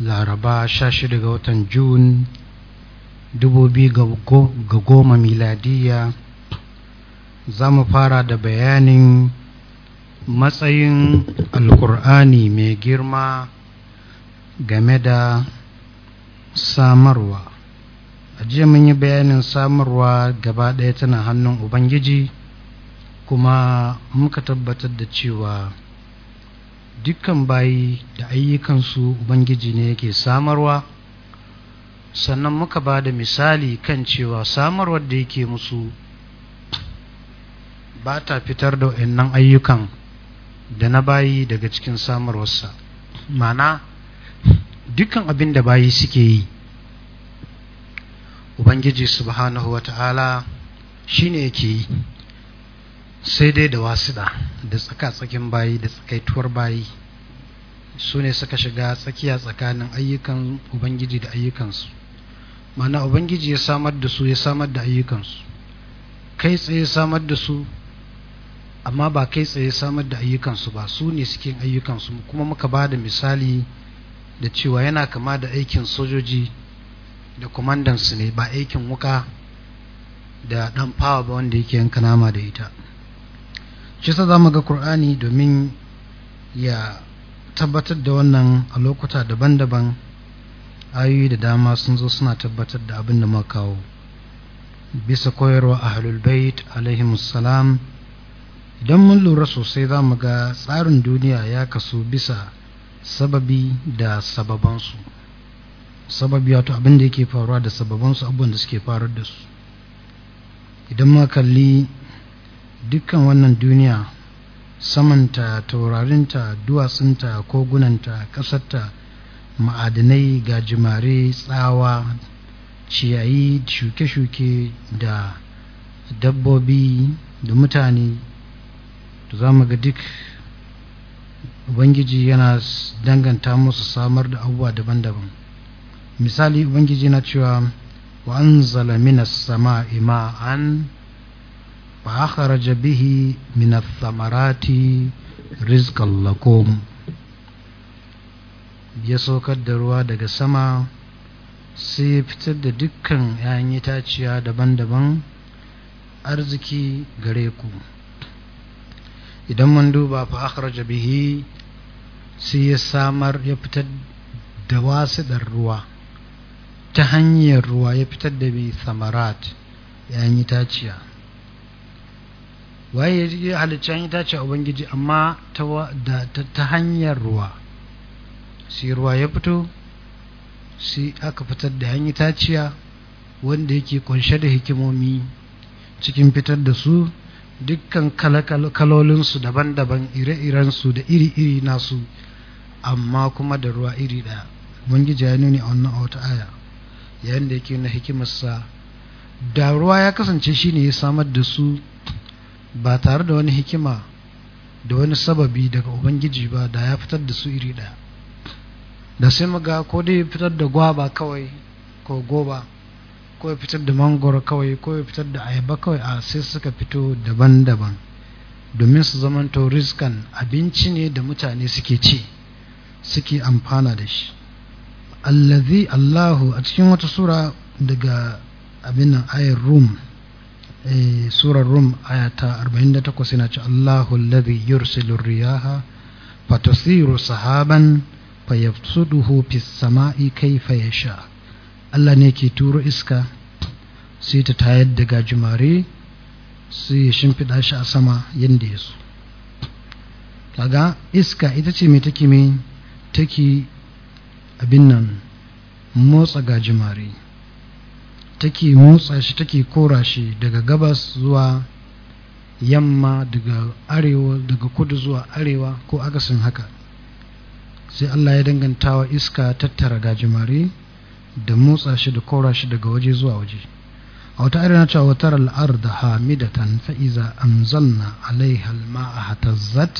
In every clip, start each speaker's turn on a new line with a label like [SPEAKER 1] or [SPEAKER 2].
[SPEAKER 1] laraba shashi daga watan jun ga goma miladiya za mu fara da bayanin matsayin alkur'ani mai girma game da samarwa a jiya mun yi bayanin samarwa gaba ɗaya tana hannun ubangiji kuma muka tabbatar da cewa dukkan bayi da ayyukansu ubangiji ne yake samarwa sannan muka ba da misali kan cewa samarwar da yake musu ba ta fitar da wayannan ayyukan da na bayi daga cikin samarwarsa mana dukkan abin da bayi suke yi ubangiji subhanahu wata'ala shine yake yi sai dai da wasiɗa da tsaka-tsakin bayi da tsakaituwar bayi su ne suka shiga tsakiya tsakanin ayyukan ubangiji da ayyukansu mana ubangiji ya samar da su ya samar da ayyukansu kai tsaye samar da su amma ba kai tsaye samar da ayyukansu ba su ne suke ayyukansu kuma muka ba da misali da cewa yana kama da aikin sojoji da kwamandansu ne ba aikin wuka da ɗan fawa ba wanda yake yanka nama da ita shi sa za mu ga kur'ani domin ya tabbatar da wannan a lokuta daban-daban ayoyi da dama sun zo suna tabbatar da abin da ma kawo bisa koyarwa a halulbait alaihimussalam idan mun lura sosai za mu ga tsarin duniya ya kasu bisa sababi da sababansu sababi wato abin da yake faruwa da sababansu abubuwan da suke faruwa da su idan ma kalli dukkan wannan duniya samanta taurarinta duwatsunta kogunanta ƙasarta ma'adinai gajimare tsawa ciyayi shuke-shuke da dabbobi da mutane da za mu ga duk ubangiji yana danganta musu samar da abubuwa daban-daban misali ubangiji na cewa wa an sama ima'an فأخرج به من الثمرات رزقا لكم ya saukar da ruwa daga sama sai ya fitar da dukkan 'ya'yan itaciya daban-daban arziki gare ku idan mun duba fa akhraja bihi sai ya samar ya fitar da wasiɗar ruwa ta hanyar ruwa ya fitar da bi samarat 'ya'yan itaciya waye ya halicci ita a ubangiji amma ta hanyar ruwa sai ruwa ya fito sai aka fitar da hanyar taciya wanda yake kunshe da hikimomi cikin fitar da su dukkan kalolinsu daban-daban ire-irensu da iri-iri nasu amma kuma da ruwa iri ɗaya ubangiji ya nuni a wannan wata aya yayin da yake na hikimarsa da ruwa ya kasance shine ya samar da su ba tare da wani hikima da wani sababi daga ubangiji ba da ya fitar da su iri ɗaya da sai maga ko dai fitar da gwaba kawai ko goba ko ya fitar da mangoro kawai ko ya fitar da ayaba kawai a sai suka fito daban-daban domin su zamanto riskan abinci ne da mutane suke ci suke amfana da shi allazi allahu a cikin wata sura daga abin nan ayar rum Eh, surar rum ayata 48 yana ce Allahu alladhi yursilu riyaha fatasiru sahaban fayabsuduhu fis sama'i kayfa sha Allah ne ke turo iska sai ta tayar da gajimare sai ya shimfiɗa shi a sama yadda ya so kaga iska ita ce mai take mai take abin nan motsa gajimare take motsa shi take kora shi daga gabas zuwa yamma daga arewa daga kudu zuwa arewa ko akasin haka sai Allah ya dangantawa iska tattara gajimare da motsa shi da kora shi daga waje zuwa waje a wata na cewa watar da hamidatan fa'iza anzalna alaiha al-ma'a hatazzat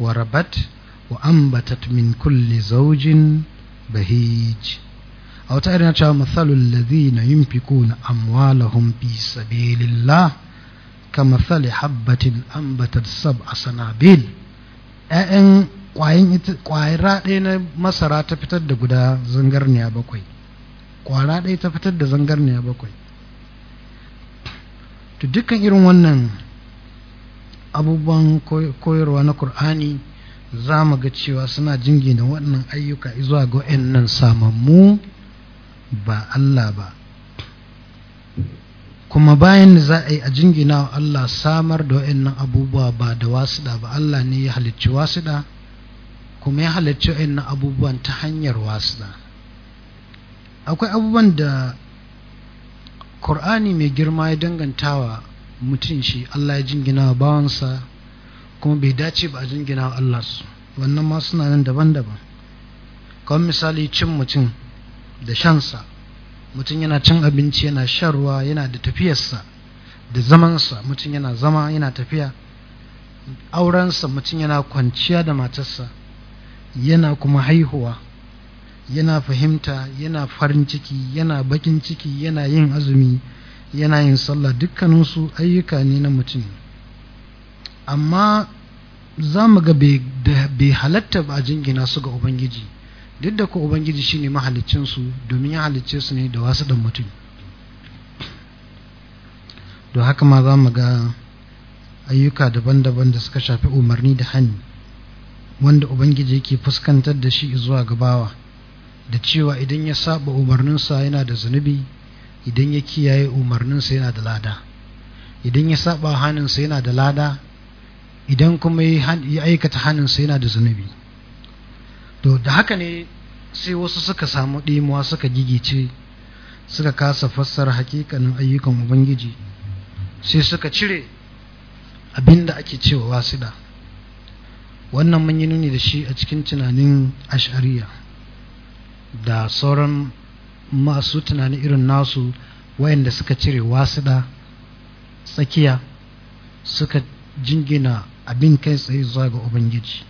[SPEAKER 1] wa rabat wa ambatat min kulli zaujin bahij a wata irin cewa misalul ladhina yunfikuna amwalahum fi sabilillah mathali habbatin ambatat sab'a sanabil ƴaƴan kwayin kwayira ɗaya na masara ta fitar da guda zangarniya bakwai kwara ɗaya ta fitar da zangarniya bakwai to dukkan irin wannan abubuwan koyarwa na Kur'ani za mu ga cewa suna jingina waɗannan ayyuka zuwa ga waɗannan samammu ba Allah ba kuma bayan da za a yi a jingina wa Allah samar da wa'annan abubuwa ba da wasuɗa ba Allah ne ya halicci wasuɗa kuma ya halicci wa'annan abubuwan ta hanyar wasuɗa akwai abubuwan da Kur'ani mai girma ya dangantawa mutum shi Allah ya jingina wa bawansa kuma bai dace ba a jingina wa Allah su wannan ma suna nan daban-daban kamar misali cin mutum da shansa mutum yana cin abinci yana shan ruwa yana da tafiyarsa da zamansa mutum yana zama yana tafiya aurensa mutum yana kwanciya da matarsa yana kuma haihuwa yana fahimta yana farin ciki yana bakin ciki yana yin azumi yana yin sallah dukkaninsu ayyuka ne na mutum amma za mu ga bai halatta ba jingina su ga ubangiji duk da ko ubangiji shine mahaliccin su domin ya halicce su ne da wasu dan mutum don haka ma za mu ga ayyuka daban-daban da suka shafi umarni da hani wanda ubangiji yake fuskantar da shi zuwa gabawa da cewa idan ya saba umarninsa yana da zunubi idan ya kiyaye umarninsa yana da lada idan ya saba hannunsa yana da lada idan kuma ya aikata hannunsa yana da zunubi to da haka ne sai wasu suka samu ɗimuwa suka gigice suka kasa fassara hakikanin ayyukan ubangiji sai suka cire abinda ake cewa wasida wannan mun yi nuni da shi a cikin tunanin ashariya da sauran masu tunanin irin nasu wayanda suka cire wasida tsakiya suka jingina abin kai tsaye zuwa ga ubangiji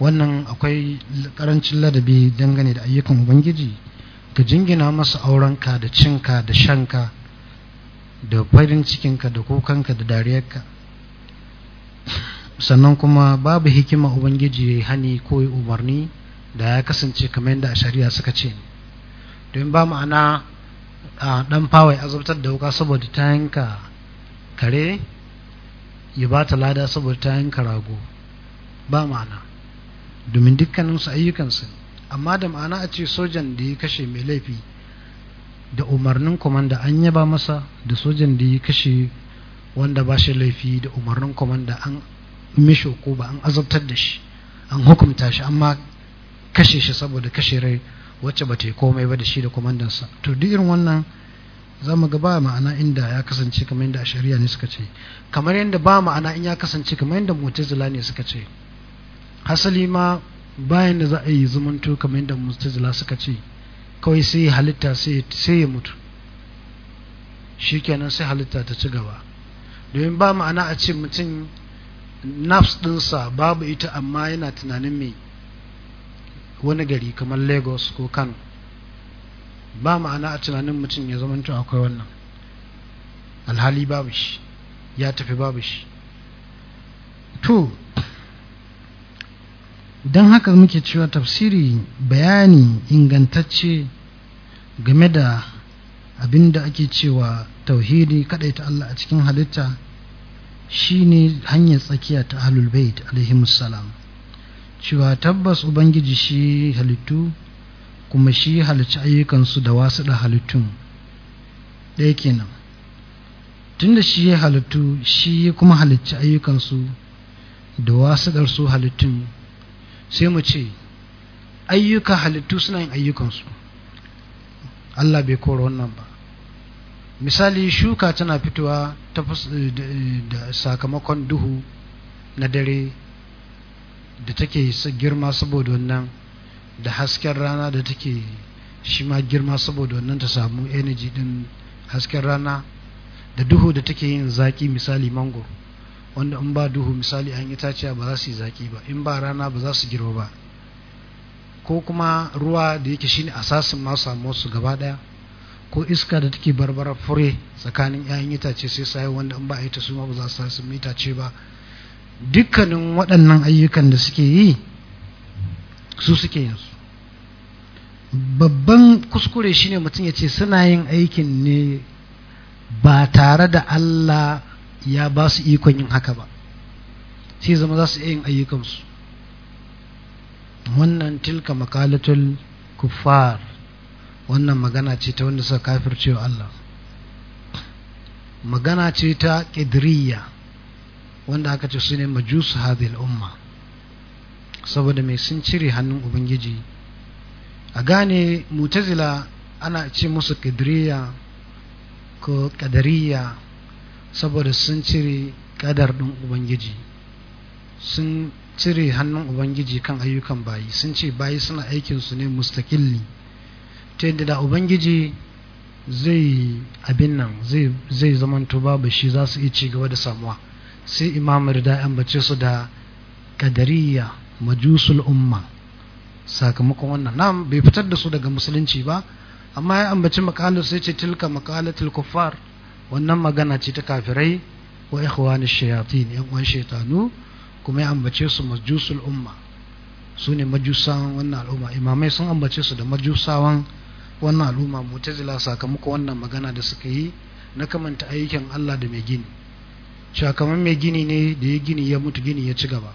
[SPEAKER 1] wannan akwai karancin ladabi dangane da ayyukan ubangiji ka jingina masa aurenka da cinka da shanka da farin cikinka da kukanka da dariyarka sannan kuma babu hikima ubangiji ya hani ko ya umarni da ya kasance kamar yadda a shari'a suka ce Don ba ma'ana a dan fawai azabtar da wuka saboda ta yanka kare ya ba ta lada saboda ta yanka rago ba ma'ana domin dukkaninsu ayyukansu amma da ma'ana a ce sojan da ya kashe mai laifi da umarnin kwamanda an yaba masa da sojan da ya kashe wanda ba shi laifi da umarnin kwamanda an mishi ko ba an azabtar da shi an hukumta shi amma kashe shi saboda kashe rai wacce ba ta yi komai ba da shi da kwamandansa to duk irin wannan za mu ga ba ma'ana inda ya kasance kamar yadda a shari'a ne suka ce kamar yadda ba ma'ana in ya kasance kamar yadda mutazila ne suka ce hasali ma bayan da za a yi zumunto kamar yadda mustazila suka ce kawai sai halitta sai ya mutu shi kenan sai halitta ta ci gaba domin ba ma'ana a ce mutum nafs dinsa babu ita amma yana tunanin mai wani gari kamar lagos ko kano ba ma'ana a tunanin mutum ya zama akwai wannan alhali babu shi ya tafi babu shi don haka muke cewa tafsiri bayani ingantacce game da abin da ake cewa tauhidi kaɗai ta Allah a cikin halitta shine hanyar tsakiya ta ahlul bait alaihimussalam cewa tabbas ubangiji shi halittu kuma shi halicci ayyukansu da wasu da halittun ɗaya kenan tunda shi ya halittu shi kuma halicci ayyukansu da wasu ɗarsu halittun sai mu ce ayyuka halittu suna yin ayyukansu Allah bai kora wannan ba misali shuka tana fitowa ta eh, eh, da sakamakon duhu na dare da take girma saboda wannan da hasken rana da take shi ma girma saboda wannan ta samu energy din hasken rana da duhu da take yin zaki misali mangoro wanda in ba duhu misali an itaciya ba za su yi zaki ba in ba rana ba za su girma ba ko kuma ruwa da yake shine asasin ma samu su gaba ɗaya ko iska da take barbara fure tsakanin 'ya'yan itace sai sai wanda in ba a yi su ma ba za su samu itace ba dukkanin waɗannan ayyukan da suke yi su suke yin su babban kuskure shine mutum ya ce suna yin aikin ne ba tare da Allah ya ba su ikon yin haka ba sai zama za su yin ayyukansu wannan tilka makalatul kuffar wannan magana ce ta wanda suka cewa Allah magana ce ta ƙidriya wanda aka ce su ne majusu hadhihi umma saboda mai sun cire hannun ubangiji a gane mutazila ana ce musu ƙidriya ko ƙadariya saboda sun cire kadar ɗin ubangiji sun cire hannun ubangiji kan ayyukan bayi sun ce bayi suna aikinsu ne mustakilli ta yadda da ubangiji zai abin nan zai zamanto babu shi za su ci gaba da samuwa sai imam da an bace su da kadariya majusul umma sakamakon wannan nan bai fitar da su daga musulunci ba amma ya ambaci makalar sai ce tilka makalatul kuffar wannan magana ce ta kafirai wa ikhwani shayatin yan uwan shaitanu kuma ya ambace su majusul umma su ne majusawan wannan al'umma imamai sun ambace su da majusawan wannan al'umma mutazila sakamakon wannan magana da suka yi na kamanta aikin Allah da mai gini kamar mai gini ne da ya gini ya mutu gini ya ci gaba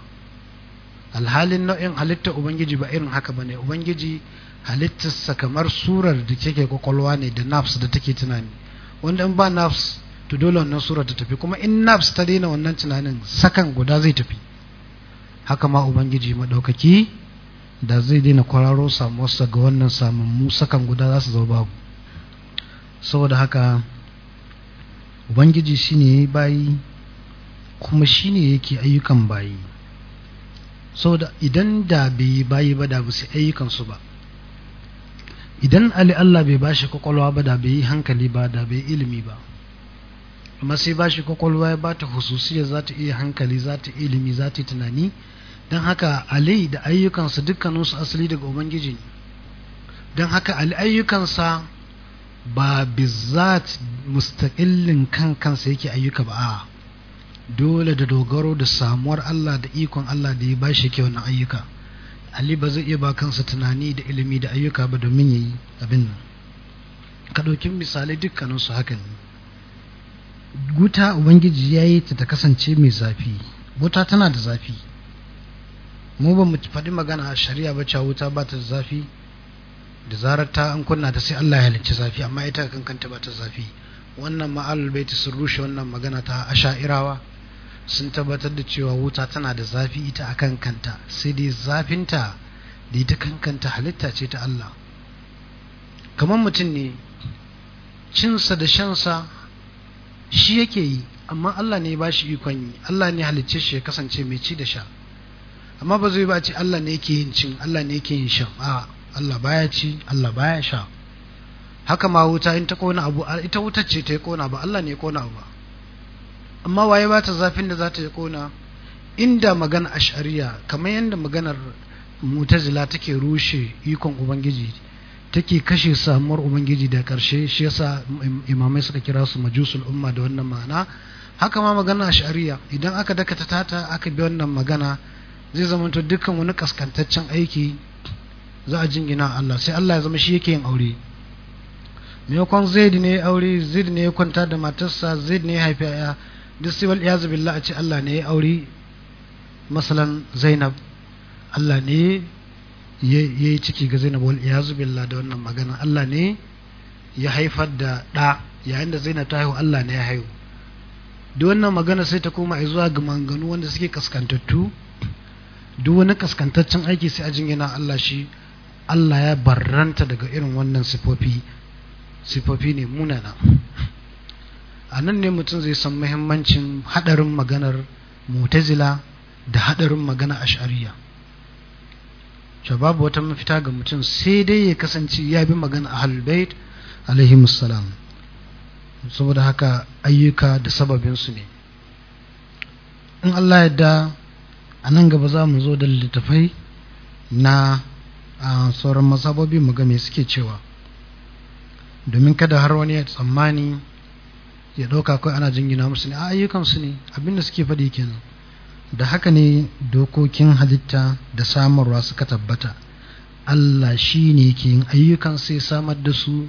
[SPEAKER 1] alhalin nau'in halitta ubangiji ba irin haka bane ubangiji halittarsa kamar surar da take kwakwalwa ne da nafs da take tunani wanda in ba nafs to dole wannan sura ta tafi kuma in nafs ta daina wannan tunanin sakan guda zai tafi haka ma ubangiji madaukaki da zai daina kwararo samuwarsa ga wannan samammu sakan guda za su zo babu saboda haka ubangiji shine bayi kuma shine yake ayyukan bayi saboda idan da bai bayi ba da ba su ayyukansu ba idan ali Allah bai bashi kwakwalwa ba da bai yi hankali ba da bai ilimi ba amma sai bashi kwakwalwa ya bata hususiyar za ta iya hankali za ta ilimi za ta tunani don haka ali da ayyukansa dukkaninsu asali daga ubangiji ne don haka ali ayyukansa ba bizat mustaƙillin kan kansa yake ayyuka ba a dole da dogaro da samuwar Allah da ikon Allah da ya bashi ke wannan ayyuka ali ba zai iya ba kansa tunani da ilimi da ayyuka ba domin ya yi abin nan ka ɗauki misalai dukkaninsu haka ne guta ubangiji ya yi ta ta kasance mai zafi wuta tana da zafi mu ba mu faɗi magana a shari'a ba cewa wuta ba ta da zafi da zarar ta an kunna ta sai Allah ya halicci zafi amma ita kankanta ba ta zafi wannan bai ta sun rushe wannan magana ta asha'irawa sun tabbatar da cewa wuta tana da zafi ita a kan kanta sai dai zafinta da ita kan kanta halitta ce ta Allah kamar mutum ne cinsa da shansa shi yake yi amma Allah ne ba shi ikon yi Allah ne halicce shi ya kasance mai ci da sha amma ba zai ba ce Allah ne yake yin cin Allah ne yake yin sha a Allah baya ci Allah baya sha haka ma wuta in ta kona abu ita wutar ce ta yi kona ba Allah ne ya kona ba amma waye ba ta zafin da za ta yi kona inda magana ashariya kamar yadda maganar mutazila take rushe ikon ubangiji take kashe samuwar ubangiji da karshe shi yasa imamai suka kira su majusul umma da wannan ma'ana haka ma magana ashariya idan aka dakata tata aka bi wannan magana zai zama to dukkan wani kaskantaccen aiki za a jingina Allah sai Allah ya zama shi yake yin aure maimakon zaid ne aure zaid ne ya kwanta da matarsa zaid ne ya haifi 'ya'ya duk sai wal iyazu billah a ce Allah ne ya aure masalan Zainab Allah ne ya yi ciki ga Zainab wal iyazu billah da wannan magana Allah ne ya haifar da ɗa yayin da Zainab ta haihu Allah ne ya haihu duk wannan magana sai ta koma zuwa ga manganu wanda suke kaskantattu duk wani kaskantaccen aiki sai a yana Allah shi Allah ya barranta daga irin wannan sifofi sifofi ne munana a nan ne mutum zai san muhimmancin haɗarin maganar mutazila da haɗarin magana ashariya babu wata mafita ga mutum sai dai ya kasance ya bi magana a bait alaihi musallam saboda haka ayyuka da sababinsu ne in Allah yadda a nan gaba za mu zo da littafai na sauran masababi mu game suke cewa domin kada har wani ya tsammani ya ɗauka kawai ana jingina musu ne a ayyukansu ne abinda suke faɗi kenan da haka ne dokokin halitta da samarwa suka tabbata Allah shi ne ke yin ayyukan sai samar da su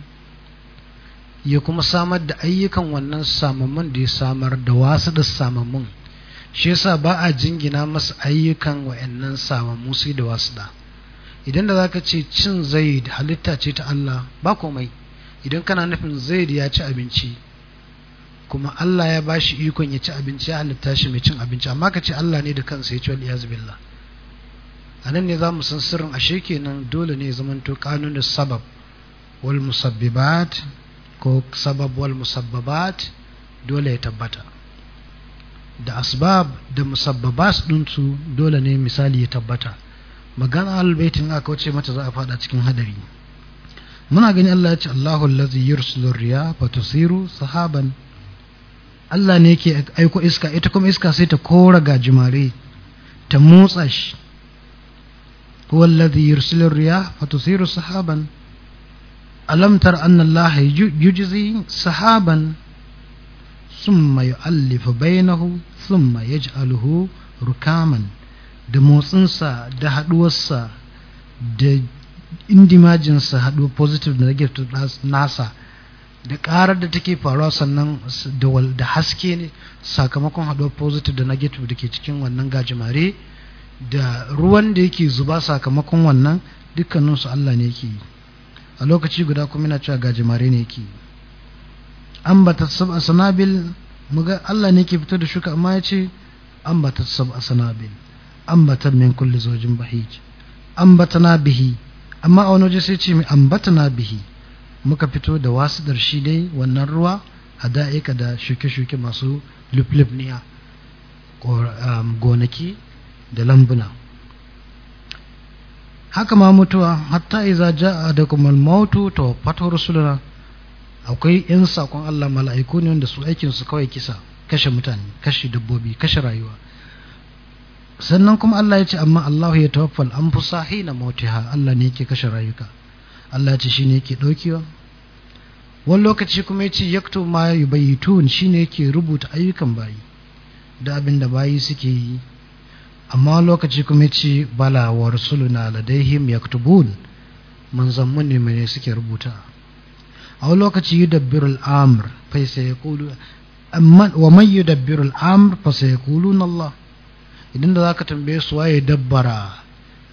[SPEAKER 1] ya kuma samar da ayyukan wannan samamman da ya samar da wasu da samamman shi yasa ba a jingina masa ayyukan wa'annan samammu sai da wasu da idan da zaka ce cin zaid halitta ce ta Allah ba komai idan kana nufin zaid ya ci abinci kuma Allah ya ba shi ikon ya ci abinci ya halitta shi mai cin abinci amma ka ce Allah ne da kansa ya ci wal iyaz billah anan ne zamu san sirrin ashe kenan dole ne zaman to kanunus sabab wal musabbibat ko sabab wal musabbabat dole ya tabbata da asbab da musabbabat din su dole ne misali ya tabbata magana albaitin aka wace mata za a fada cikin hadari muna gani Allah ya ce Allahu allazi yursilu riya fa tusiru sahaban Allah ne yake aiko iska ita kuma iska sai ta kora gajimare ta motsa shi wallazi yursilu riyah tusiru sahaban alam tar anna Allah yujzi sahaban thumma yu'allifu bainahu thumma yaj'aluhu rukaman da motsinsa da haduwarsa da indimajinsa haduwar positive da negative nasa da karar da take faruwa sannan da haske ne sakamakon haɗuwa positive da negative da ke cikin wannan gajimare da ruwan da yake zuba sakamakon wannan dukkaninsu Allah ne yake a lokaci guda kuma yana cewa gajimare ne yake an ba ta saba sanabil muga Allah ne yake fitar da shuka amma ya ce an ba ta saba sanabil an ba ta min kulli zojin bahij an ba ta na bihi amma a wani waje sai ce mai an ba ta na bihi muka fito da wasu darshi dai wannan ruwa a da'ika da shuke-shuke masu luplipniya um, gonaki da lambuna haka ma mutuwa hatta iza ja'a da kuma mautu ta fato rasuluna akwai yan sakon Allah mala'iku ne wanda su aikin su kawai kisa kashe mutane kashe dabbobi kashe rayuwa sannan kuma Allah ya ce amma Allahu ya tawaffal na hina ha Allah ne yake kashe rayuka Allah ce shi ne yake ɗaukewa wani lokaci kuma yace yaktu ma yubayitun shine yake rubuta ayyukan bayi da abin da bayi suke yi amma lokaci kuma yace bala wa rusuluna ladaihim yaktubun manzanmu ne mene suke rubuta a wani lokaci yudabbiru al'amr fa sai ya kulu wa man yudabbiru al'amr fa sai ya kulu Allah idan da zaka tambaye su waye dabbara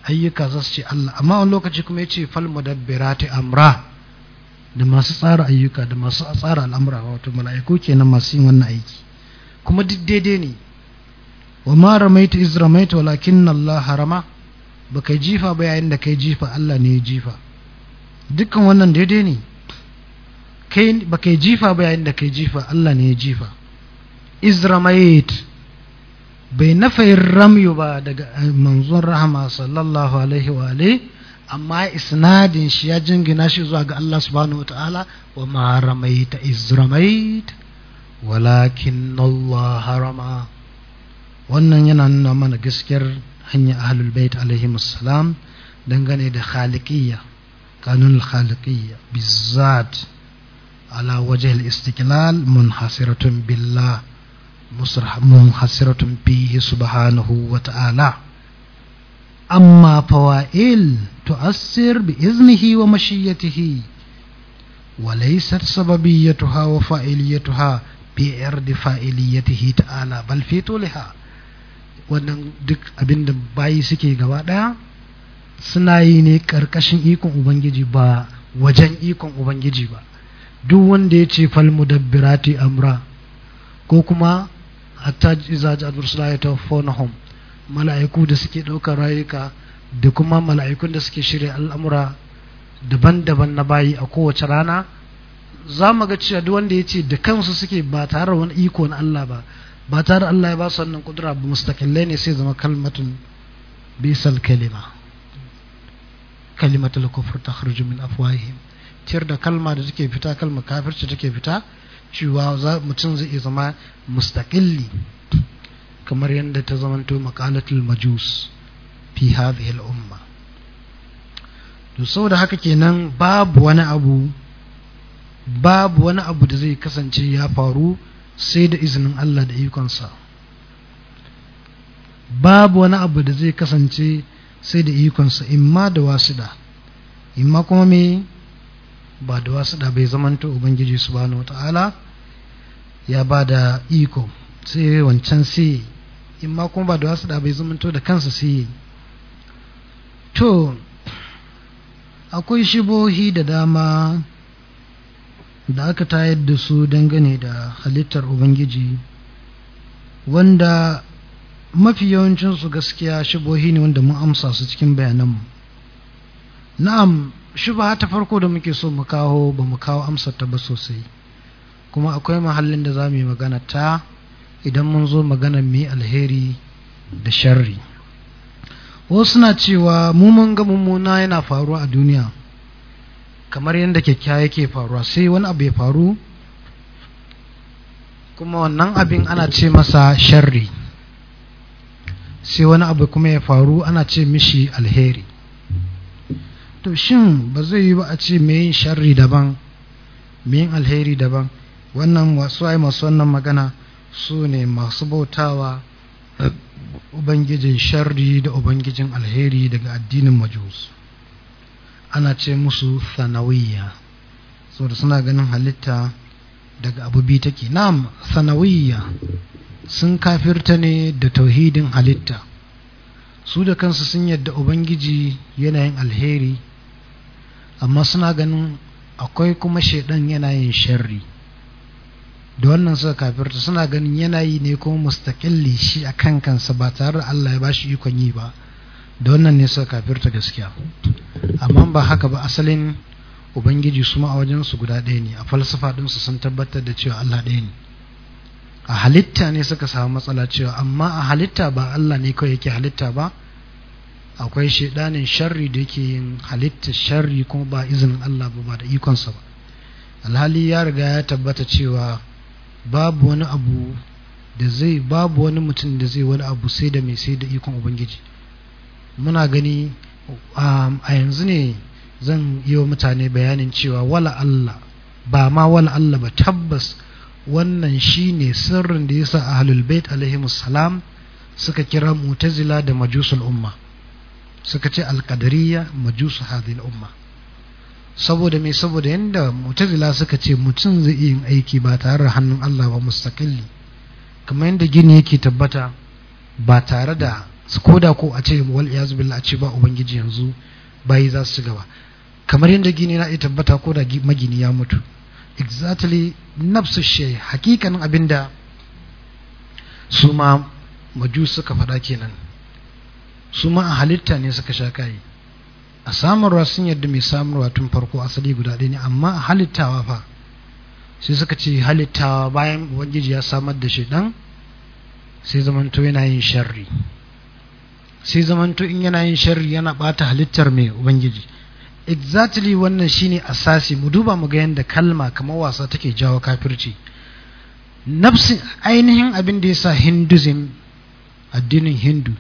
[SPEAKER 1] ayyuka za su ce Allah amma wani lokaci kuma ya ce fal mudabbirati amra da masu tsara ayyuka da masu tsara al'amura wato mala'iku kenan masu yin wannan aiki kuma duk daidai ne wa ma ramaita iz ramaita walakin Allah harama baka jifa ba yayin da kai jifa Allah ne ya jifa dukkan wannan daidai ne kai baka jifa ba yayin da kai jifa Allah ne ya jifa iz ramaita bai nafayin ramyu ba daga eh, manzon rahama sallallahu alaihi wa amma isnadin shi ya jingina shi zuwa ga Allah subhanahu wataala wa ma ramaita izramait walakin Allah harama wannan yana nuna mana gaskiyar hanyar ahlul bait alaihi musallam dangane da khaliqiyya kanun khaliqiyya bizzat ala wajhil al-istiqlal munhasiratun billah munhasiratun fihi subhanahu wa ta’ala amma fawa’il tu’assir bi iznihi wa mashiyatihi wa laisar sababi ya tuha wa fa’il ya tuha biyar da fa’il ya tuhi ta’ala balfeto liha wannan duk abinda bayi suke gaba ɗaya suna yi ne ƙarƙashin ikon ubangiji ba wajen ikon ubangiji ba duk wanda ya ce falmu dabbirati amra ko kuma hatta iza ja'at rusula mala'iku da suke ɗaukar rayuka da kuma mala'ikun da suke shirya al'amura daban-daban na bayi a kowace rana za mu ga cewa duk wanda ya ce da kansu suke ba tare wani iko na Allah ba ba tare Allah ya ba su wannan kudura ba mustaqillai ne sai zama kalmatun bisal kalima kalimatul kufr takhruju min afwahihim tir da kalma da take fita kalma kafirci take fita cewa mutum zai iya zama mustaƙilli kamar yadda ta zamanto makalatul majus fi hadhihi al-umma to saboda haka kenan babu wani abu babu wani abu da zai kasance ya faru sai da izinin Allah da ikonsa babu wani abu da zai kasance sai da ikonsa imma da wasida imma kuma me ba da wasu da bai zamanta ubangiji su subhanahu wata'ala ya ba da iko sai wancan sai in ma kuma ba da wasu da bai zamanta da kansa sai to akwai shibohi da dama da aka tayar da su dangane da halittar ubangiji wanda mafi yawancinsu gaskiya shibohi ne wanda mun amsa su cikin bayananmu na'am shubha ta farko da muke so mu kawo ba mu kawo amsar ta ba sosai kuma akwai mahallin da za mu yi magana ta idan mun zo magana mai alheri da sharri wasu na cewa mumun ga mummuna yana faruwa a duniya kamar yadda kyakkyawa yake faruwa sai wani abu ya faru kuma wannan abin ana ce masa sharri sai wani abu kuma ya faru ana ce mishi alheri to shin ba zai yi ba a ce me yin sharri daban me yin alheri daban wannan wasu ai masu wannan magana su ne masu bautawa ubangijin sharri da ubangijin alheri daga addinin majus ana ce musu sanawiyya saboda suna ganin halitta daga abu biyu take na'am sanawiyya sun kafirta ne da tauhidin halitta su da kansu sun yadda ubangiji yanayin alheri amma suna ganin akwai kuma shaidan yana yin sharri da wannan suka kafirta suna ganin yanayi ne kuma mustaƙilli shi a kan kansa ba tare da Allah ya bashi ikon yi ba da wannan ne suka kafirta gaskiya amma ba haka ba asalin ubangiji su ma a wajen su guda ɗaya ne a falsafa ɗinsu sun tabbatar da cewa Allah ɗaya ne a halitta ne suka samu matsala cewa amma a halitta ba Allah ne kawai yake halitta ba akwai shaidanin sharri da yake yin halittar sharri kuma ba izinin Allah ba da ikonsa ba alhali ya riga ya tabbata cewa babu wani abu da zai babu wani mutum da zai wani abu sai da mai sai da ikon ubangiji muna gani um, a yanzu ne zan yi wa mutane bayanin cewa wala Allah ba ma wala Allah ba tabbas wannan shi ne sirrin da ya sa ahlul bait alaihimus salam suka kira mu'tazila da majusul umma suka ce alkadariya majusu hadhihi umma saboda me saboda yanda mutazila suka ce mutum zai iya yin aiki ba tare da hannun Allah ba mustaqilli kamar yanda gini yake tabbata ba tare da koda ko a ce wal iyaz billah a ce ba ubangiji yanzu bayi za su gaba kamar yadda gini na iya tabbata ko da magini ya mutu exactly nafsu shay hakikanin abinda su ma maju suka faɗa kenan su ma a halitta ne suka sha kayi a samarwa sun yadda mai samarwa tun farko asali guda ɗaya ne amma a halittawa fa sai suka ce halittawa bayan ubangiji ya samar da shi ɗan sai zamanto yana yin sharri sai zamanto in yana yin sharri yana ɓata halittar mai ubangiji exactly wannan shine asasi mu duba mu ga yadda kalma kamar wasa take jawo kafirci nafsin ainihin abin da ya sa hinduism addinin hindu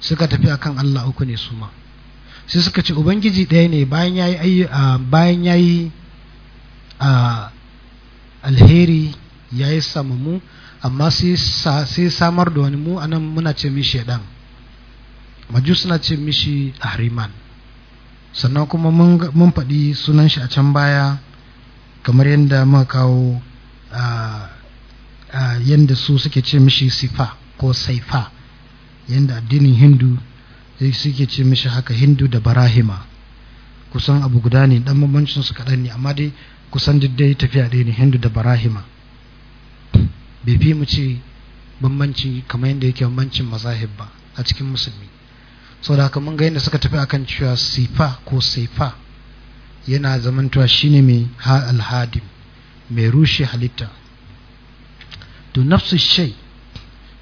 [SPEAKER 1] suka tafi akan Allah uku ne su ma sai suka ce ubangiji ɗaya ne bayan yayi bayan yayi alheri yayi samamu amma sai samar da wani mu anan muna ce mishi dan majus suna ce mishi ahriman sannan kuma mun faɗi sunan shi a can baya kamar yadda muka kawo yadda su suke ce mishi sifa ko saifa yadda addinin hindu suke ce mishi haka hindu da barahima kusan abu guda ne dan bambancin su kaɗan ne amma dai kusan dai tafiya ɗaya ne hindu da barahima bai fi mu ce bambanci kamar yadda yake bambancin mazahib ba a cikin musulmi sau da haka ga yadda suka tafi akan cewa sifa ko saifa yana zamantawa shine mai alhadim mai rushe halitta to nafsu shai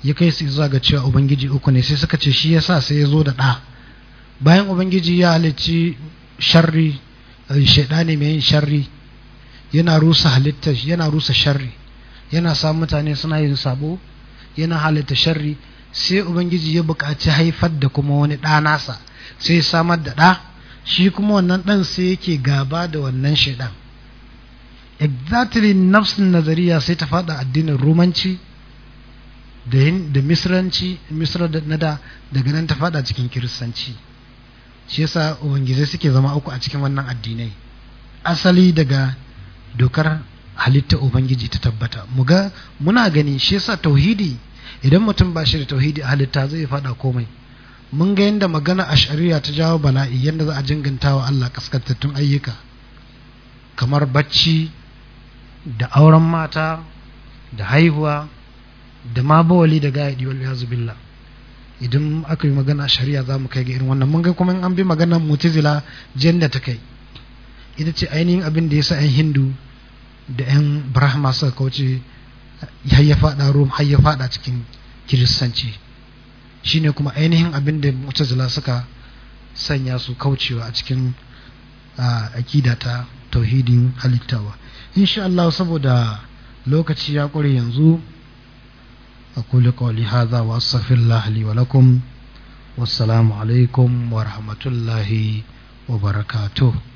[SPEAKER 1] ya kai su zuwa ga cewa ubangiji uku ne sai suka ce shi yasa sai ya zo da ɗa bayan ubangiji ya halicci sharri eh, ne mai yin sharri yana rusa halitta yana rusa sharri yana sa mutane suna yin sabo yana halitta sharri sai ubangiji ya buƙaci haifar da kuma wani ɗa nasa sai samar da ɗa shi kuma wannan ɗan sai yake gaba da wannan shaiɗan exactly nafsin nazariya sai ta faɗa addinin rumanci da misiranci misra na da daga nan ta fada cikin kiristanci shi yasa ubangizai suke zama uku a cikin wannan addinai asali daga dokar halitta ubangiji ta tabbata muga muna gani shi yasa tauhidi idan mutum ba shi da tauhidi a halitta zai fada komai mun ga yadda magana a shari'a ta jawo bala'i yadda za a jinganta wa Allah kaskantattun ayyuka kamar bacci da auren mata da haihuwa da ma bawali da gayadi wal ya zubilla idan aka yi magana shari'a za mu kai ga irin wannan mun ga kuma an bi maganar mutazila da ta kai ita ce ainihin abin da ya sa 'yan hindu da 'yan brahma suka kauce ya faɗa rom har ya fada cikin kiristanci shine kuma ainihin abin da mutazila suka sanya su kaucewa a cikin akida ta tauhidin halittawa insha Allah saboda lokaci ya kware yanzu أقول قولي هذا وأستغفر الله لي ولكم والسلام عليكم ورحمة الله وبركاته